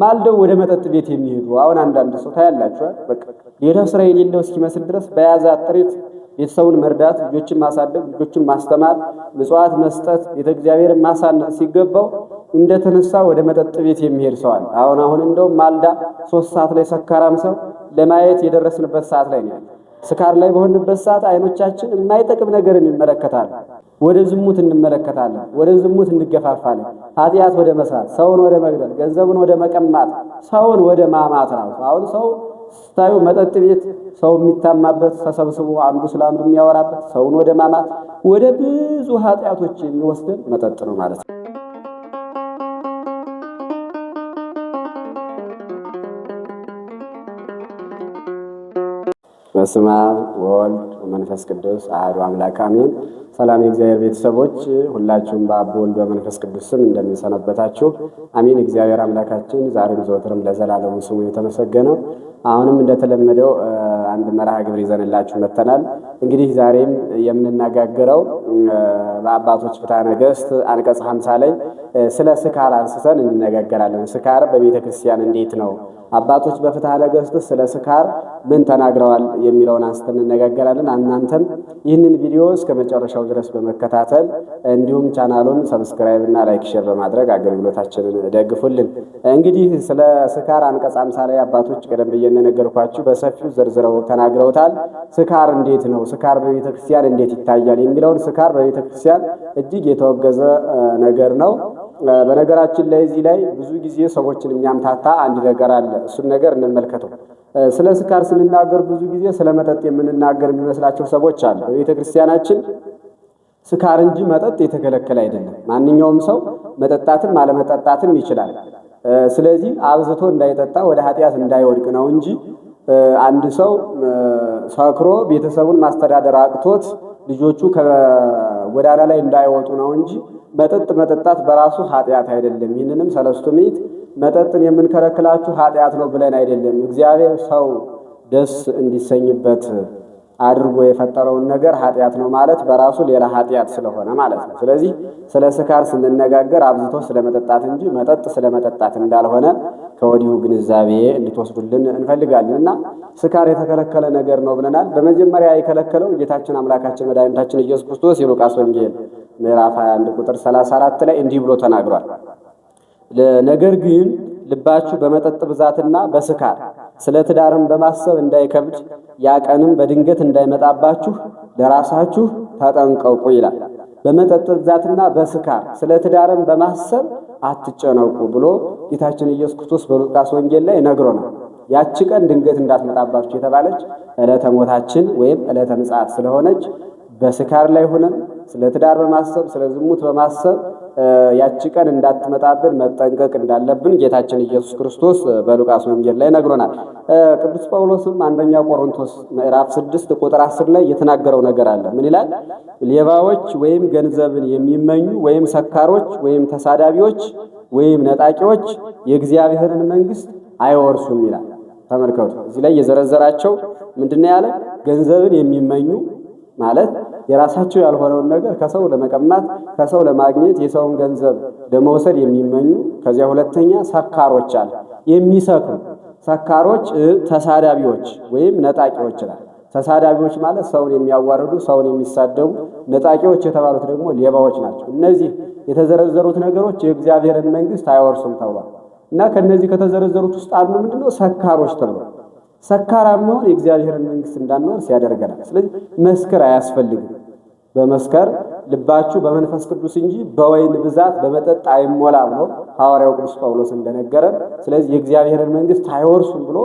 ማልደው ወደ መጠጥ ቤት የሚሄዱ አሁን አንዳንድ ሰው ታያላችሁ። በቃ ሌላው ስራ የሌለው እስኪመስል ድረስ በያዘ ጥሪት ቤተሰቡን መርዳት፣ ልጆችን ማሳደግ፣ ልጆችን ማስተማር፣ ምጽዋት መስጠት፣ ቤተ እግዚአብሔርን ማሳነጽ ሲገባው እንደተነሳ ወደ መጠጥ ቤት የሚሄድ አለ። አሁን አሁን እንደውም ማልዳ ሶስት ሰዓት ላይ ሰካራም ሰው ለማየት የደረስንበት ሰዓት ላይ ነው። ስካር ላይ በሆንበት ሰዓት አይኖቻችን የማይጠቅም ነገርን ይመለከታል። ወደ ዝሙት እንመለከታለን፣ ወደ ዝሙት እንገፋፋለን። ኃጢአት ወደ መስራት፣ ሰውን ወደ መግደል፣ ገንዘቡን ወደ መቀማት፣ ሰውን ወደ ማማት ነው። አሁን ሰው ስታዩ መጠጥ ቤት ሰው የሚታማበት ተሰብስቦ አንዱ ስለ አንዱ የሚያወራበት ሰውን ወደ ማማት፣ ወደ ብዙ ኃጢአቶች የሚወስደን መጠጥ ነው ማለት ነው። በስመ አብ ወወልድ ወመንፈስ ቅዱስ አሐዱ አምላክ አሜን። ሰላም የእግዚአብሔር ቤተሰቦች ሁላችሁም በአብ ወልድ በመንፈስ ቅዱስ ስም እንደምንሰነበታችሁ አሜን። እግዚአብሔር አምላካችን ዛሬም ዘወትርም ለዘላለሙ ስሙ የተመሰገነው። አሁንም እንደተለመደው አንድ መርሃ ግብር ይዘንላችሁ መጥተናል። እንግዲህ ዛሬም የምንነጋገረው በአባቶች ፍትሐ ነገሥት አንቀጽ ሀምሳ ላይ ስለ ስካር አንስተን እንነጋገራለን። ስካር በቤተ ክርስቲያን እንዴት ነው? አባቶች በፍትሐ ነገሥት ስለ ስካር ምን ተናግረዋል? የሚለውን አንስተን እንነጋገራለን። እናንተም ይህንን ቪዲዮ እስከ መጨረሻው ድረስ በመከታተል እንዲሁም ቻናሉን ሰብስክራይብ እና ላይክ፣ ሼር በማድረግ አገልግሎታችንን ደግፉልን። እንግዲህ ስለ ስካር አንቀጽ ሀምሳ ላይ አባቶች ቀደም ብዬ እንደነገርኳችሁ በሰፊው ዘርዝረው ተናግረውታል። ስካር እንዴት ነው? ስካር በቤተ ክርስቲያን እንዴት ይታያል የሚለውን ስካር በቤተ ክርስቲያን እጅግ የተወገዘ ነገር ነው። በነገራችን ላይ እዚህ ላይ ብዙ ጊዜ ሰዎችን የሚያምታታ አንድ ነገር አለ። እሱን ነገር እንመልከተው። ስለ ስካር ስንናገር ብዙ ጊዜ ስለ መጠጥ የምንናገር የሚመስላቸው ሰዎች አሉ። በቤተ ክርስቲያናችን ስካር እንጂ መጠጥ የተከለከለ አይደለም። ማንኛውም ሰው መጠጣትም አለመጠጣትም ይችላል። ስለዚህ አብዝቶ እንዳይጠጣ ወደ ኃጢአት እንዳይወድቅ ነው እንጂ አንድ ሰው ሰክሮ ቤተሰቡን ማስተዳደር አቅቶት ልጆቹ ከጎዳና ላይ እንዳይወጡ ነው እንጂ መጠጥ መጠጣት በራሱ ኃጢአት አይደለም። ይህንንም ሰለስቱ ምዕት መጠጥን የምንከለክላችሁ ኃጢአት ነው ብለን አይደለም። እግዚአብሔር ሰው ደስ እንዲሰኝበት አድርጎ የፈጠረውን ነገር ኃጢአት ነው ማለት በራሱ ሌላ ኃጢአት ስለሆነ ማለት ነው። ስለዚህ ስለ ስካር ስንነጋገር አብዝቶ ስለመጠጣት እንጂ መጠጥ ስለመጠጣት እንዳልሆነ ከወዲሁ ግንዛቤ እንድትወስዱልን እንፈልጋለን እና ስካር የተከለከለ ነገር ነው ብለናል። በመጀመሪያ የከለከለው ጌታችን አምላካችን መድኃኒታችን ኢየሱስ ክርስቶስ የሉቃስ ወንጌል ምዕራፍ 21 ቁጥር 34 ላይ እንዲህ ብሎ ተናግሯል። ነገር ግን ልባችሁ በመጠጥ ብዛትና በስካር ስለ ትዳርም በማሰብ እንዳይከብድ ያ ቀንም በድንገት እንዳይመጣባችሁ ለራሳችሁ ተጠንቀቁ ይላል። በመጠጥ ብዛትና በስካር ስለ ትዳርም በማሰብ አትጨነቁ ብሎ ጌታችን ኢየሱስ ክርስቶስ በሉቃስ ወንጌል ላይ ነግሮናል። ያቺ ቀን ድንገት እንዳትመጣባችሁ የተባለች ዕለተ ሞታችን ወይም ዕለተ ምጽአት ስለሆነች በስካር ላይ ሆነን ስለ ትዳር በማሰብ ስለ ዝሙት በማሰብ ያቺ ቀን እንዳትመጣብን መጠንቀቅ እንዳለብን ጌታችን ኢየሱስ ክርስቶስ በሉቃስ ወንጌል ላይ ነግሮናል። ቅዱስ ጳውሎስም አንደኛ ቆሮንቶስ ምዕራፍ ስድስት ቁጥር አስር ላይ የተናገረው ነገር አለ። ምን ይላል? ሌባዎች ወይም ገንዘብን የሚመኙ ወይም ሰካሮች ወይም ተሳዳቢዎች ወይም ነጣቂዎች የእግዚአብሔርን መንግስት አይወርሱም ይላል። ተመልከቱ፣ እዚህ ላይ የዘረዘራቸው ምንድነው ያለ ገንዘብን የሚመኙ ማለት የራሳቸው ያልሆነውን ነገር ከሰው ለመቀማት ከሰው ለማግኘት የሰውን ገንዘብ ለመውሰድ የሚመኙ ከዚያ ሁለተኛ ሰካሮች አለ የሚሰክሩ ሰካሮች ተሳዳቢዎች ወይም ነጣቂዎች ይላል ተሳዳቢዎች ማለት ሰውን የሚያዋርዱ ሰውን የሚሳደቡ ነጣቂዎች የተባሉት ደግሞ ሌባዎች ናቸው እነዚህ የተዘረዘሩት ነገሮች የእግዚአብሔርን መንግስት አይወርሱም ተብሏል እና ከነዚህ ከተዘረዘሩት ውስጥ አንዱ ምንድነው ሰካሮች ተብሎ ሰካራ መሆን የእግዚአብሔርን መንግስት እንዳንወርስ ያደርገናል። ስለዚህ መስክር አያስፈልግም። በመስከር ልባችሁ በመንፈስ ቅዱስ እንጂ በወይን ብዛት በመጠጥ አይሞላም ነው ሐዋርያው ቅዱስ ጳውሎስ እንደነገረን። ስለዚህ የእግዚአብሔርን መንግስት አይወርሱም ብሎ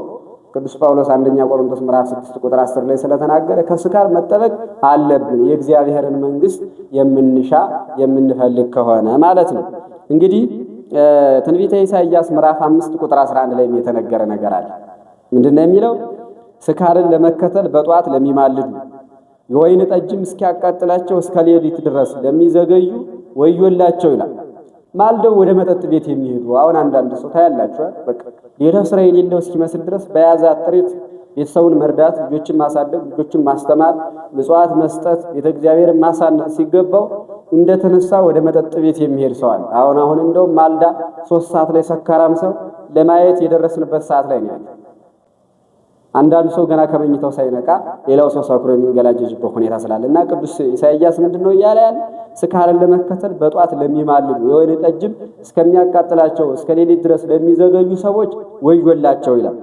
ቅዱስ ጳውሎስ አንደኛ ቆሮንቶስ ምዕራፍ 6 ቁጥር 10 ላይ ስለተናገረ ከስካር መጠበቅ አለብን የእግዚአብሔርን መንግስት የምንሻ የምንፈልግ ከሆነ ማለት ነው። እንግዲህ ትንቢተ ኢሳይያስ ምዕራፍ 5 ቁጥር 11 ላይ የተነገረ ነገር አለ። ምንድነው የሚለው? ስካርን ለመከተል በጧት ለሚማልዱ የወይን ጠጅም እስኪያቃጥላቸው እስከ ሌሊት ድረስ ለሚዘገዩ ወዮላቸው ይላል። ማልደው ወደ መጠጥ ቤት የሚሄዱ አሁን አንዳንድ ሰው ታያላችሁ። በቃ ሌላ ስራ የሌለው እስኪመስል ድረስ በያዛ ጥሪት ቤተሰቡን መርዳት፣ ልጆችን ማሳደግ፣ ልጆችን ማስተማር፣ ምጽዋት መስጠት፣ ቤተ እግዚአብሔርን ማሳነጽ ሲገባው እንደተነሳ ወደ መጠጥ ቤት የሚሄድ ሰዋል። አሁን አሁን እንደውም ማልዳ ሶስት ሰዓት ላይ ሰካራም ሰው ለማየት የደረስንበት ሰዓት ላይ ነው ያለው። አንዳንዱ ሰው ገና ከመኝታው ሳይነቃ ሌላው ሰው ሰክሮ የሚንገላጀጅበት ሁኔታ ስላለ እና ቅዱስ ኢሳይያስ ምንድነው እያለ ያለ ስካርን ለመከተል በጧት ለሚማልሉ የወይን ጠጅም እስከሚያቃጥላቸው እስከ ሌሊት ድረስ ለሚዘገዩ ሰዎች ወዮላቸው ይላል።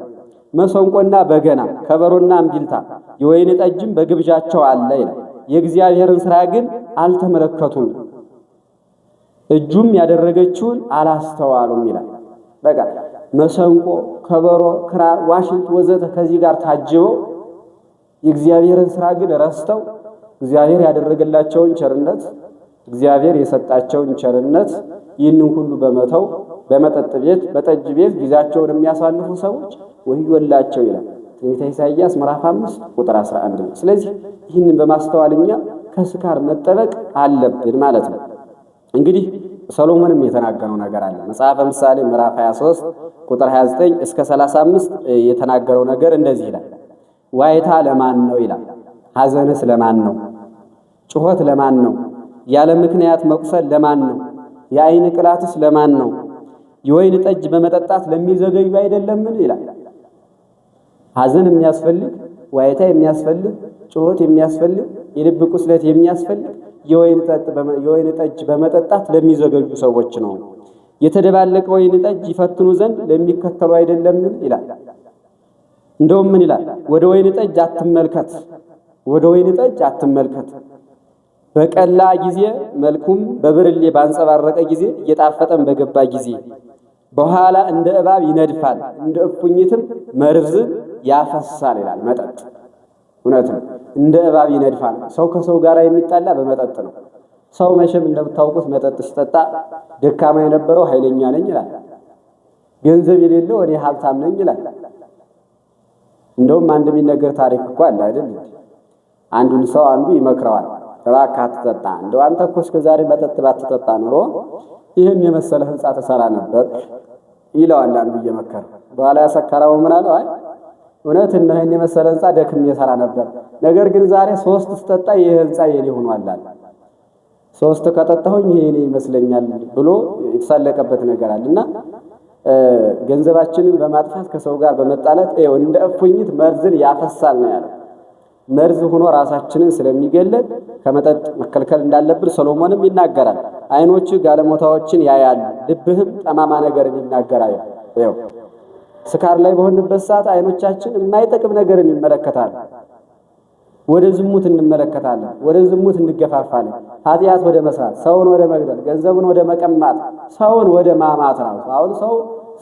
መሰንቆና በገና ከበሮና እምቢልታ የወይን ጠጅም በግብዣቸው አለ ይላል። የእግዚአብሔርን ስራ ግን አልተመለከቱም፣ እጁም ያደረገችውን አላስተዋሉም ይላል በቃ መሰንቆ፣ ከበሮ፣ ክራር፣ ዋሽንት ወዘተ ከዚህ ጋር ታጅበው የእግዚአብሔርን ስራ ግን ረስተው እግዚአብሔር ያደረገላቸውን ቸርነት እግዚአብሔር የሰጣቸውን ቸርነት ይህንን ሁሉ በመተው በመጠጥ ቤት በጠጅ ቤት ጊዜያቸውን የሚያሳልፉ ሰዎች ወዮላቸው ይላል ትንቢተ ኢሳይያስ ምዕራፍ 5 ቁጥር 11 ነው። ስለዚህ ይህንን በማስተዋል እኛ ከስካር መጠበቅ አለብን ማለት ነው እንግዲህ ሰሎሞንም የተናገረው ነገር አለ። መጽሐፈ ምሳሌ ምዕራፍ 23 ቁጥር 29 እስከ 35 የተናገረው ነገር እንደዚህ ይላል። ዋይታ ለማን ነው ይላል። ሐዘንስ ለማን ነው? ጩኸት ለማን ነው? ያለ ምክንያት መቁሰል ለማን ነው? የአይን ቅላትስ ለማን ነው? የወይን ጠጅ በመጠጣት ለሚዘገዩ አይደለምን ይላል። ሐዘን የሚያስፈልግ ዋይታ የሚያስፈልግ ጩኸት የሚያስፈልግ የልብ ቁስለት የሚያስፈልግ የወይን ጠጅ በመጠጣት ለሚዘገዩ ሰዎች ነው። የተደባለቀ ወይን ጠጅ ይፈትኑ ዘንድ ለሚከተሉ አይደለምን ይላል። እንደውም ምን ይላል? ወደ ወይን ጠጅ አትመልከት፣ ወደ ወይን ጠጅ አትመልከት። በቀላ ጊዜ መልኩም በብርሌ ባንጸባረቀ ጊዜ እየጣፈጠን በገባ ጊዜ በኋላ እንደ እባብ ይነድፋል፣ እንደ እፉኝትም መርዝ ያፈሳል ይላል መጠጥ እውነት ነው። እንደ እባብ ይነድፋል። ሰው ከሰው ጋር የሚጣላ በመጠጥ ነው። ሰው መቼም እንደምታውቁት መጠጥ ሲጠጣ ደካማ የነበረው ኃይለኛ ነኝ ይላል። ገንዘብ የሌለው እኔ ሀብታም ነኝ ይላል። እንደውም አንድ የሚነገር ታሪክ እኮ አለ አይደል? አንዱን ሰው አንዱ ይመክረዋል። እባክህ አትጠጣ፣ እንደው አንተ እኮ እስከ ዛሬ መጠጥ ባትጠጣ ኑሮ ይህን የመሰለ ህንፃ ተሰራ ነበር ይለዋል አንዱ እየመከረ። በኋላ ያሰከረው ምን አለው? አይ እውነት እነ ይህን የመሰለ ህንፃ ደክም የሰራ ነበር። ነገር ግን ዛሬ ሶስት ስጠጣ ይህ ህንፃ የኔ ሶስት ከጠጣሁኝ ይሄ እኔ ይመስለኛል ብሎ የተሳለቀበት ነገር አለ እና ገንዘባችንን በማጥፋት ከሰው ጋር በመጣላት ይኸው እንደ እፉኝት መርዝን ያፈሳል ነው ያለው። መርዝ ሆኖ ራሳችንን ስለሚገለጥ ከመጠጥ መከልከል እንዳለብን ሰሎሞንም ይናገራል። አይኖች ጋለሞታዎችን ያያል፣ ልብህም ጠማማ ነገርን ይናገራል። ይኸው ስካር ላይ በሆንበት ሰዓት አይኖቻችን የማይጠቅም ነገርን ይመለከታል። ወደ ዝሙት እንመለከታለን። ወደ ዝሙት እንገፋፋለን። ኃጢአት ወደ መስራት፣ ሰውን ወደ መግደል፣ ገንዘቡን ወደ መቀማት፣ ሰውን ወደ ማማት ራሱ አሁን ሰው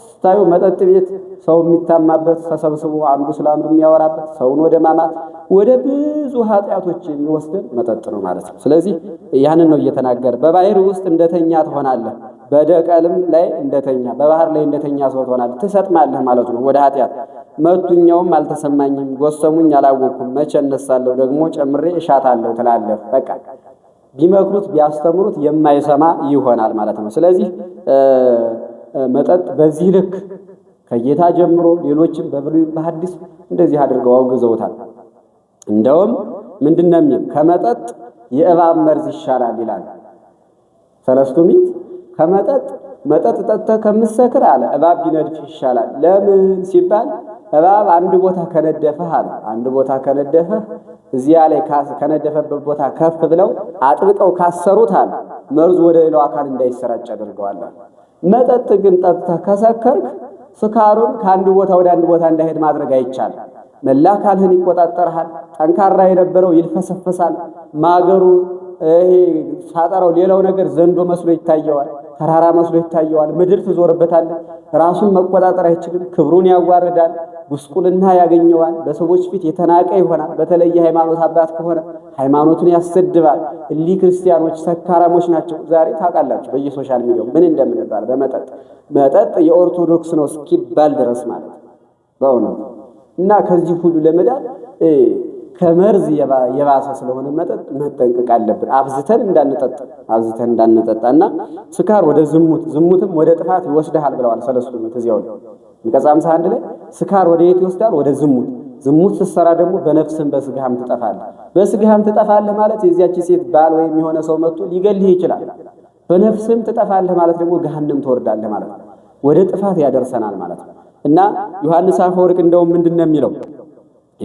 ስታዩ መጠጥ ቤት ሰው የሚታማበት ተሰብስቦ አንዱ ስለ አንዱ የሚያወራበት ሰውን ወደ ማማት ወደ ብዙ ኃጢአቶች የሚወስድን መጠጥ ነው ማለት ነው። ስለዚህ ያንን ነው እየተናገረ በባህር ውስጥ እንደተኛ ትሆናለህ በደቀልም ላይ እንደተኛ በባህር ላይ እንደተኛ ሰው ትሆናለህ፣ ትሰጥማለህ ማለት ነው። ወደ ኃጢአት መቱኛውም አልተሰማኝም፣ ጎሰሙኝ አላወቅኩም፣ መቼ እነሳለሁ ደግሞ ጨምሬ እሻታለሁ ትላለህ። በቃ ቢመክሩት ቢያስተምሩት የማይሰማ ይሆናል ማለት ነው። ስለዚህ መጠጥ በዚህ ልክ ከጌታ ጀምሮ ሌሎችም በብሉይ በሐዲስ እንደዚህ አድርገው አውግዘውታል። እንደውም ምንድነው የሚል ከመጠጥ የእባብ መርዝ ይሻላል ይላል ሰለስቱ ከመጠጥ መጠጥ ጠጥተህ ከምትሰክር አለ እባብ ቢነድፍ ይሻላል። ለምን ሲባል እባብ አንድ ቦታ ከነደፈህ አለ አንድ ቦታ ከነደፈህ እዚያ ላይ ከነደፈበት ቦታ ከፍ ብለው አጥብቀው ካሰሩት አለ መርዙ ወደ ሌላው አካል እንዳይሰራጭ አድርገዋል። መጠጥ ግን ጠጥተህ ከሰከርክ ስካሩን ከአንድ ቦታ ወደ አንድ ቦታ እንዳይሄድ ማድረግ አይቻልም። መላ አካልህን ይቆጣጠርሃል። ጠንካራ የነበረው ይልፈሰፈሳል። ማገሩ፣ ይሄ ሳጠራው ሌላው ነገር ዘንዶ መስሎ ይታየዋል። ተራራ መስሎ ይታየዋል። ምድር ትዞርበታል። ራሱን መቆጣጠር አይችልም። ክብሩን ያዋርዳል። ጉስቁልና ያገኘዋል። በሰዎች ፊት የተናቀ ይሆናል። በተለይ የሃይማኖት አባት ከሆነ ሃይማኖቱን ያሰድባል። እሊ ክርስቲያኖች ሰካራሞች ናቸው። ዛሬ ታውቃላችሁ በየሶሻል ሚዲያው ምን እንደምንባል በመጠጥ መጠጥ የኦርቶዶክስ ነው እስኪባል ድረስ ማለት በእውነቱ እና ከዚህ ሁሉ ለመዳን ከመርዝ የባሰ ስለሆነ መጠጥ መጠንቀቅ አለብን። አብዝተን እንዳንጠጣ አብዝተን እና ስካር ወደ ዝሙት ዝሙትም ወደ ጥፋት ይወስድሃል ብለዋል ሰለስቱ እዚያው አንቀጽ አንድ ላይ ስካር ወደ የት ይወስዳል? ወደ ዝሙት። ዝሙት ስትሰራ ደግሞ በነፍስም በስጋህም ትጠፋለህ። በስጋህም ትጠፋለህ ማለት የዚያች ሴት ባል ወይም የሆነ ሰው መጥቶ ሊገልህ ይችላል። በነፍስም ትጠፋለህ ማለት ደግሞ ገሃነም ትወርዳለህ ማለት ነው። ወደ ጥፋት ያደርሰናል ማለት ነው እና ዮሐንስ አፈወርቅ እንደውም ምንድን ነው የሚለው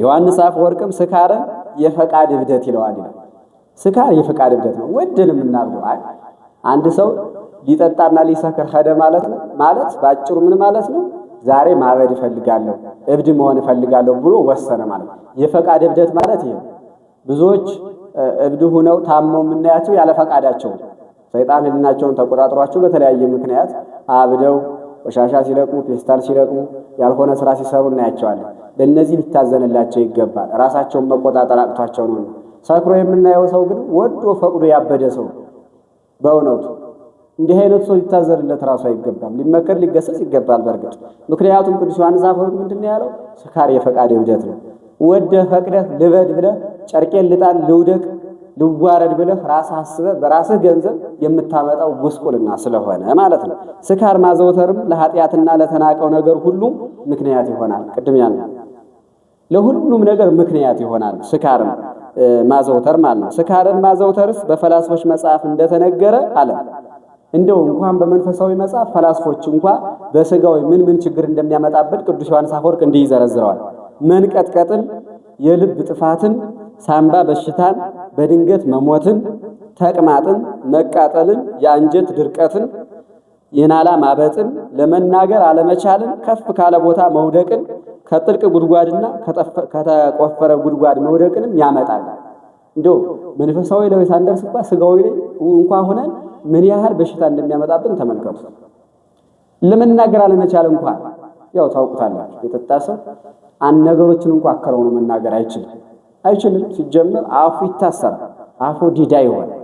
ዮሐንስ አፈወርቅም ስካርን የፈቃድ እብደት ይለዋል። ስካር የፈቃድ እብደት ነው። ወደንም እናብደው። አይ አንድ ሰው ሊጠጣና ሊሰክር ሄደ ማለት ነው። ማለት ባጭሩ ምን ማለት ነው? ዛሬ ማበድ እፈልጋለሁ፣ እብድ መሆን እፈልጋለሁ ብሎ ወሰነ ማለት ነው። የፈቃድ እብደት ማለት ይሄ። ብዙዎች እብድ ሁነው ታመው የምናያቸው ያለ ፈቃዳቸው ሰይጣን ህሊናቸውን ተቆጣጥሯቸው በተለያየ ምክንያት አብደው ቆሻሻ ሲለቅሙ፣ ፌስታል ሲለቅሙ፣ ያልሆነ ስራ ሲሰሩ እናያቸዋለን። ለእነዚህ ሊታዘንላቸው ይገባል። ራሳቸውን መቆጣጠር አቅቷቸው ነው። ሰክሮ የምናየው ሰው ግን ወዶ ፈቅዶ ያበደ ሰው በእውነቱ እንዲህ አይነቱ ሰው ሊታዘንለት ራሱ አይገባም። ሊመከር ሊገሰጽ ይገባል። በእርግጥ ምክንያቱም ቅዱስ ዮሐንስ አፈወርቅ ምንድነው ያለው? ስካር የፈቃድ እብደት ነው። ወደ ፈቅደህ ልበድ ብለህ ጨርቄን ልጣል ልውደቅ ልዋረድ ብለህ ራስህ አስበህ በራስህ ገንዘብ የምታመጣው ጉስቁልና ስለሆነ ማለት ነው። ስካር ማዘውተርም ለኃጢአትና ለተናቀው ነገር ሁሉ ምክንያት ይሆናል። ቅድም ያልነው ለሁሉም ነገር ምክንያት ይሆናል። ስካር ማዘውተር ማለት ነው። ስካርን ማዘውተርስ በፈላስፎች መጽሐፍ እንደተነገረ አለ። እንደው እንኳን በመንፈሳዊ መጽሐፍ ፈላስፎች እንኳ በስጋዊ ምን ምን ችግር እንደሚያመጣበት ቅዱስ ዮሐንስ አፈወርቅ እንዲህ ይዘረዝረዋል። መንቀጥቀጥን፣ የልብ ጥፋትን፣ ሳምባ በሽታን፣ በድንገት መሞትን፣ ተቅማጥን፣ መቃጠልን፣ የአንጀት ድርቀትን የናላ ማበጥን፣ ለመናገር አለመቻልን ከፍ ካለ ቦታ መውደቅን ከጥልቅ ጉድጓድና ከተቆፈረ ጉድጓድ መውደቅንም ያመጣል። እንዲሁ መንፈሳዊ ላይ ሳንደርስባት ስጋዊ ላይ እንኳ ሆነን ምን ያህል በሽታ እንደሚያመጣብን ተመልከቱ። ለመናገር አለመቻል እንኳን ያው ታውቁታላችሁ። የተጣሰ አንድ ነገሮችን እንኳ አከረው ነው መናገር አይችልም አይችልም። ሲጀመር አፉ ይታሰራል። አፉ ዲዳ ይሆናል።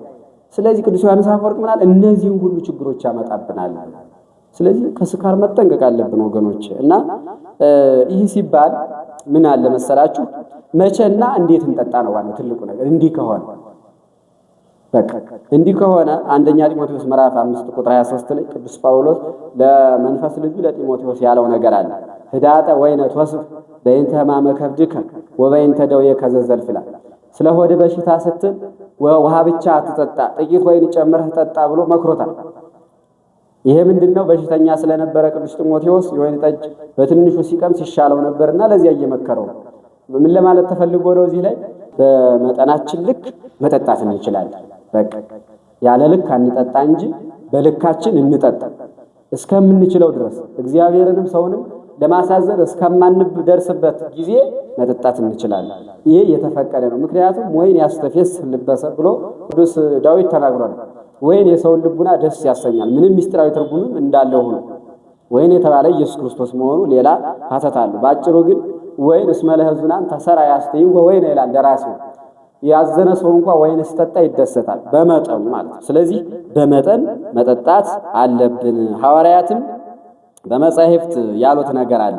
ስለዚህ ቅዱስ ዮሐንስ አፈወርቅ ምናል እነዚህን ሁሉ ችግሮች ያመጣብናል። ስለዚህ ከስካር መጠንቀቅ አለብን ወገኖች። እና ይህ ሲባል ምን አለ መሰላችሁ መቼና እንዴት እንጠጣ ነው ዋናው ትልቁ ነገር። እንዲህ ከሆነ በቃ እንዲህ ከሆነ አንደኛ ጢሞቴዎስ ምዕራፍ 5 ቁጥር 23 ላይ ቅዱስ ጳውሎስ ለመንፈስ ልጁ ለጢሞቴዎስ ያለው ነገር አለ። ህዳጠ ወይነ ተወስፍ በእንተ ሕማመ ከብድከ ወበእንተ ደዌከ ዘዘልፍላ ስለ ሆድ በሽታ ስትል ውሃ ብቻ አትጠጣ፣ ጥቂት ወይን ጨምረህ ጠጣ ብሎ መክሮታል። ይሄ ምንድን ነው? በሽተኛ ስለነበረ ቅዱስ ጢሞቴዎስ የወይን ጠጅ በትንሹ ሲቀምስ ይሻለው ነበርና ለዚያ እየመከረው ምን ለማለት ተፈልጎ ነው? እዚህ ላይ በመጠናችን ልክ መጠጣት እንችላለን። በቃ ያለ ልክ አንጠጣ እንጂ በልካችን እንጠጣ እስከምንችለው ድረስ እግዚአብሔርንም ሰውንም ለማሳዘን እስከማንደርስበት ጊዜ መጠጣት እንችላለን። ይህ የተፈቀደ ነው። ምክንያቱም ወይን ያስተፌስ ልበሰ ብሎ ቅዱስ ዳዊት ተናግሯል። ወይን የሰውን ልቡና ደስ ያሰኛል፣ ምንም ምስጢራዊ ትርጉምም እንዳለው ሆኖ ወይን የተባለ ኢየሱስ ክርስቶስ መሆኑ ሌላ ሐተት አለ። በአጭሩ ግን ወይን እስመ ለሕዙናን ተሰራ ያስተይ ወይን ይላል ደራሲው። ያዘነ ሰው እንኳ ወይን ሲጠጣ ይደሰታል፣ በመጠኑ ማለት ነው። ስለዚህ በመጠን መጠጣት አለብን። ሐዋርያትም በመጻሕፍት ያሉት ነገር አለ።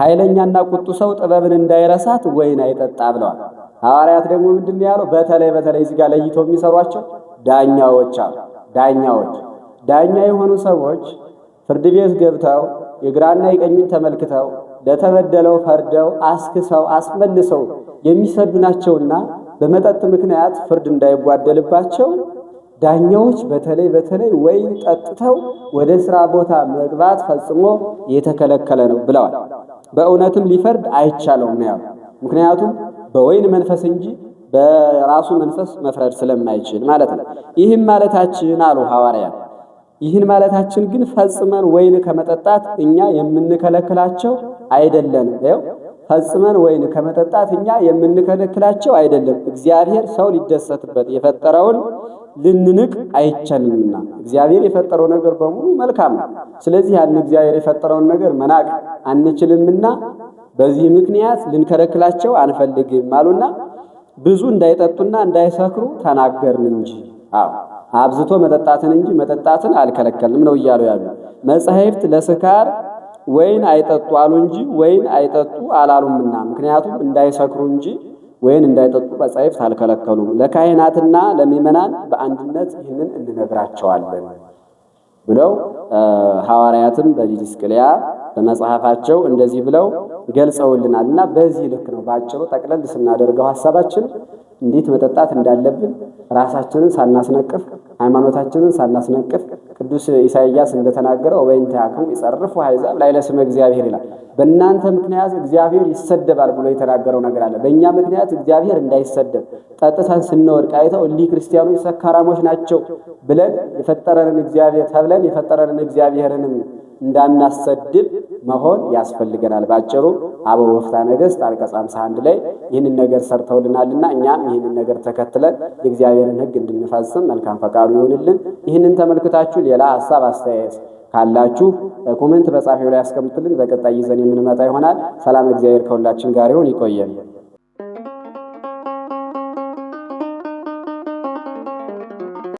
ኃይለኛና ቁጡ ሰው ጥበብን እንዳይረሳት ወይን አይጠጣ ብለዋል። ሐዋርያት ደግሞ ምንድን ነው ያለው? በተለይ በተለይ እዚህ ጋር ለይቶ የሚሰሯቸው ዳኛዎች አሉ። ዳኛዎች ዳኛ የሆኑ ሰዎች ፍርድ ቤት ገብተው የግራና የቀኝን ተመልክተው ለተበደለው ፈርደው አስክሰው አስመልሰው የሚሰዱ ናቸውና በመጠጥ ምክንያት ፍርድ እንዳይጓደልባቸው ዳኛዎች በተለይ በተለይ ወይን ጠጥተው ወደ ስራ ቦታ መግባት ፈጽሞ የተከለከለ ነው ብለዋል። በእውነትም ሊፈርድ አይቻለውም ነው ምክንያቱም በወይን መንፈስ እንጂ በራሱ መንፈስ መፍረድ ስለማይችል ማለት ነው። ይህም ማለታችን አሉ ሐዋርያ ይህን ማለታችን ግን ፈጽመን ወይን ከመጠጣት እኛ የምንከለክላቸው አይደለንም። ፈጽመን ወይን ከመጠጣት እኛ የምንከለክላቸው አይደለም። እግዚአብሔር ሰው ሊደሰትበት የፈጠረውን ልንንቅ አይቻልምና እግዚአብሔር የፈጠረው ነገር በሙሉ መልካም ነው። ስለዚህ ያን እግዚአብሔር የፈጠረውን ነገር መናቅ አንችልምና በዚህ ምክንያት ልንከለክላቸው አንፈልግም አሉና ብዙ እንዳይጠጡና እንዳይሰክሩ ተናገርን እንጂ አዎ አብዝቶ መጠጣትን እንጂ መጠጣትን አልከለከልንም ነው እያሉ ያሉ መጻሕፍት ለስካር ወይን አይጠጡ አሉ እንጂ ወይን አይጠጡ አላሉምና፣ ምክንያቱም እንዳይሰክሩ እንጂ ወይን እንዳይጠጡ መጻሕፍት አልከለከሉም። ለካህናትና ለምእመናን በአንድነት ይህንን እንነግራቸዋለን ብለው ሐዋርያትም በዲድስቅልያ በመጽሐፋቸው እንደዚህ ብለው ገልጸውልናል እና በዚህ ልክ ነው በአጭሩ ጠቅለል ስናደርገው ሀሳባችን እንዴት መጠጣት እንዳለብን ራሳችንን ሳናስነቅፍ ሃይማኖታችንን ሳናስነቅፍ ቅዱስ ኢሳይያስ እንደተናገረው ወይንተ ያክሙ ይጸርፉ አሕዛብ ላዕለ ስመ እግዚአብሔር ይላል። በእናንተ ምክንያት እግዚአብሔር ይሰደባል ብሎ የተናገረው ነገር አለ። በእኛ ምክንያት እግዚአብሔር እንዳይሰደብ ጠጥተን ስንወድቅ አይተው እሊህ ክርስቲያኖች ሰካራሞች ናቸው ብለን የፈጠረንን እግዚአብሔር ተብለን የፈጠረንን እግዚአብሔርንም እንዳናሰድብ መሆን ያስፈልገናል። ባጭሩ አበው ወፍታ ነገስት አንቀጽ 51 ላይ ይህንን ነገር ሰርተውልናልና እኛም ይህንን ነገር ተከትለን የእግዚአብሔርን ሕግ እንድንፈጽም መልካም ፈቃዱ ይሆንልን። ይህንን ተመልክታችሁ ሌላ ሀሳብ አስተያየት ካላችሁ ኮሜንት በጻፊው ላይ ያስቀምጡልን። በቀጣይ ይዘን የምንመጣ ይሆናል። ሰላም፣ እግዚአብሔር ከሁላችን ጋር ይሁን። ይቆየን።